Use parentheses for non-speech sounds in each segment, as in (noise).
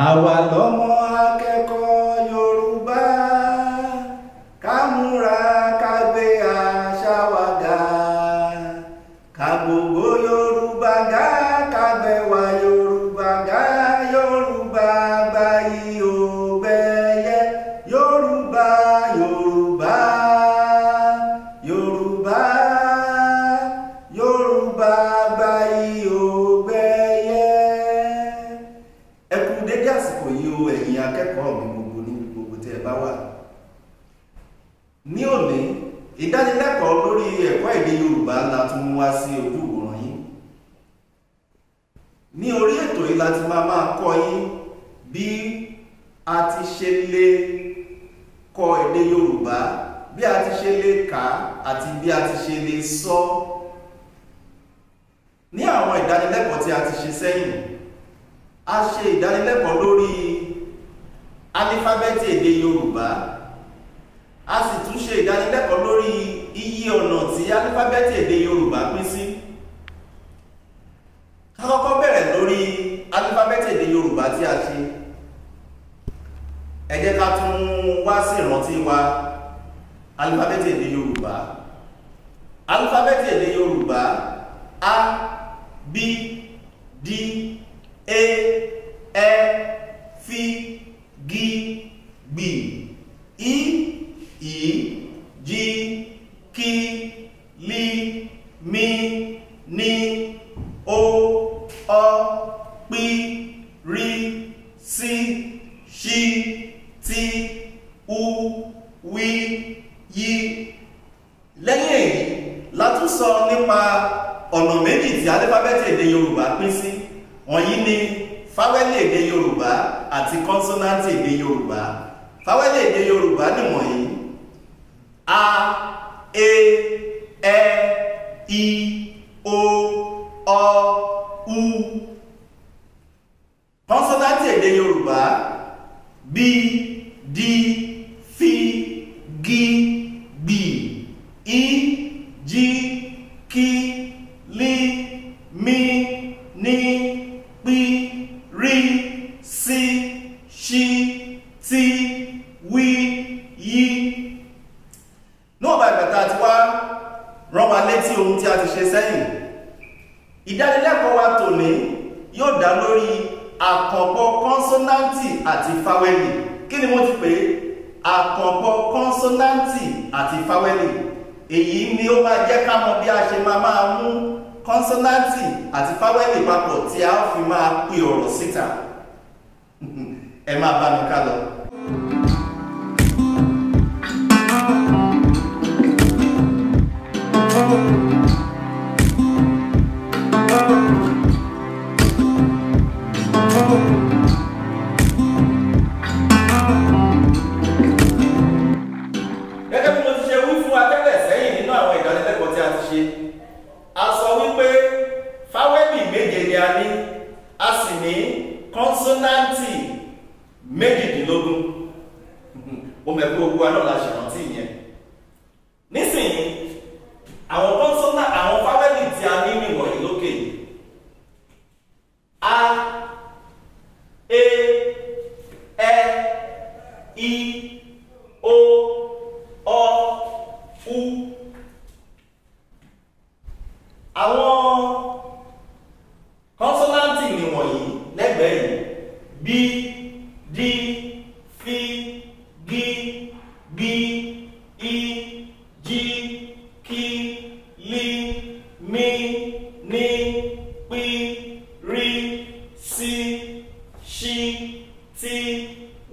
àwa lọ́mọ akẹ́kọ̀ọ́ Yorùbá ká múra ká gbé àṣà wa ga ká gbogbo Yorùbá ga ká bẹ̀wà Yorùbá ga Yorùbá gbayì ògbẹ́yẹ Yorùbá. ìdánilẹ́kọ̀ọ́ lórí ẹ̀kọ́ èdè Yorùbá la tún wá sí ojú ìwòran yín ní orí ètò yìí la ti máa máa kọ́ yín bí a ti ṣe lè kọ́ èdè Yorùbá bí a ti ṣe lè kà á àti bí a ti ṣe lè sọ ní àwọn ìdánilẹ́kọ̀ọ́ tí a ti ṣe sẹ́yìn a ṣe ìdánilẹ́kọ̀ọ́ lórí alífábẹ́ẹ̀tì èdè Yorùbá a sì tún ṣe ìdánilẹ́kọ̀ọ́ lórí iye ọ̀nà tí alífábẹ́tì èdè Yorùbá pín sí ká kọ́kọ́ bẹ̀rẹ̀ lórí alífábẹ́tì èdè Yorùbá tí a ṣe ẹ jẹ́ ká tún wá sí ìrántí wa alífábẹ́tì èdè Yorùbá alífábẹ́tì èdè Yorùbá a b d a e yìí lẹ́yìn èyí látún sọ nípa ọ̀nà méjì tí alífábẹ́tì èdè yorùbá pín sí wọ̀nyí ni fáwẹ́lì èdè yorùbá àti kọ́nsọ́náǹtì èdè yorùbá fáwẹ́lì èdè yorùbá nìwọ̀nyí a e ẹ e, i o. ní pí rí sí ṣí tí wí yí. níwọ̀nba ìgbà tá a ti wá rán wa létí ohun tí a ti ṣe sẹ́yìn ìdánilẹ́kọ̀ọ́ wa tòní yóò dá lórí àkànpọ̀ kọ́nsọ́náǹtì àti fáwẹ́lì kí ni mo ti pè é àkànpọ̀ àti fáwẹ́lì èyí ni ó máa jẹ́ ká mọ bí a ṣe máa máa mú kọ́nsọ́náǹtì àti fáwẹ́lì papọ̀ tí a ó fi máa pe ọ̀rọ̀ síta (laughs) ẹ máa bá mi ká lọ.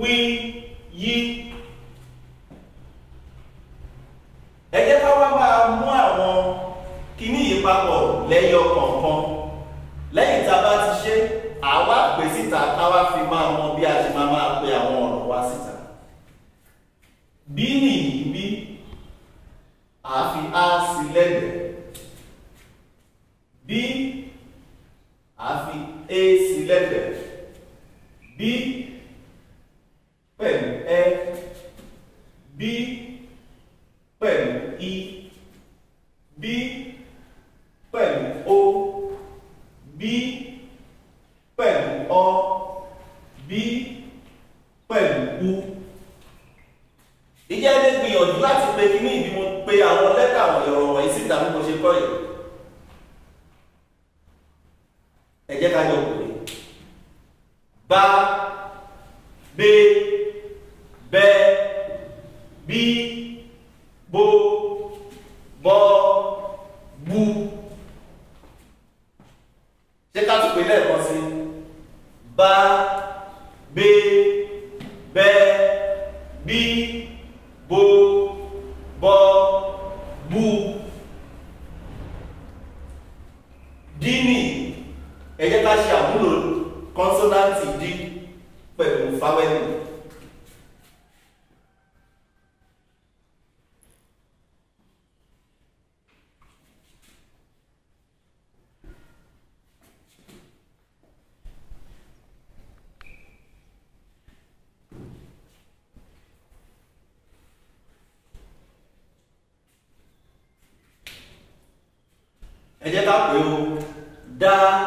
we pẹ̀lú o b pẹ̀lú ọ b pẹ̀lú u. ìjẹ́ ní gbìyànjú láti pe kíní ìbí mo pe àwọn lẹ́tà ọ̀rọ̀ wọ̀nyí síta bí mo ṣe kọ́ yìí. ẹ jẹ́ ká jọ pè é bá bẹ́ẹ̀ bẹ́ẹ̀. be Thế tiếp tục da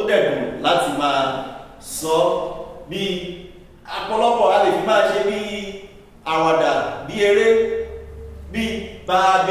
ó dẹ̀ dùn láti máa sọ bí ọ̀pọ̀lọpọ̀ a lè fi máa ṣe bí àwàdà bí eré bí bàbá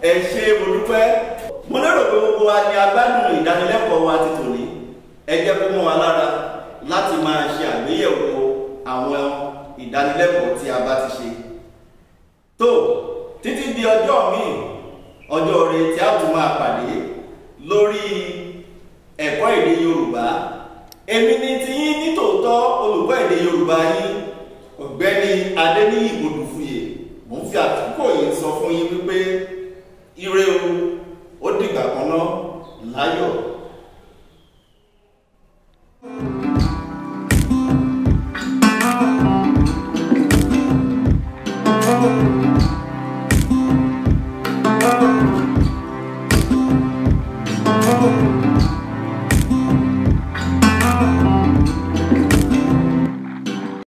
ẹ ṣe mo dúpẹ́ mo lérò pé gbogbo wa ni agbádùn ìdánilẹ́kọ̀ọ́ wa ti tòní ẹ jẹ́ kó mọ́ wa lára láti máa ṣe àgbéyẹ̀wò àwọn ìdánilẹ́kọ̀ọ́ tí a bá ti ṣe tó títí di ọjọ́ míì ọjọ́ rẹ tí a tún máa pàdé lórí ẹ̀kọ́ èdè Yorùbá èmi ni ti yín nítòótọ́ olùkọ́ èdè Yorùbá yín ọ̀gbẹ́ni Adéníyì Godùfuyè mo ń fi àkókò yìí sọ fún yín wípé ire o ó dìgbà kan náà láyọ̀.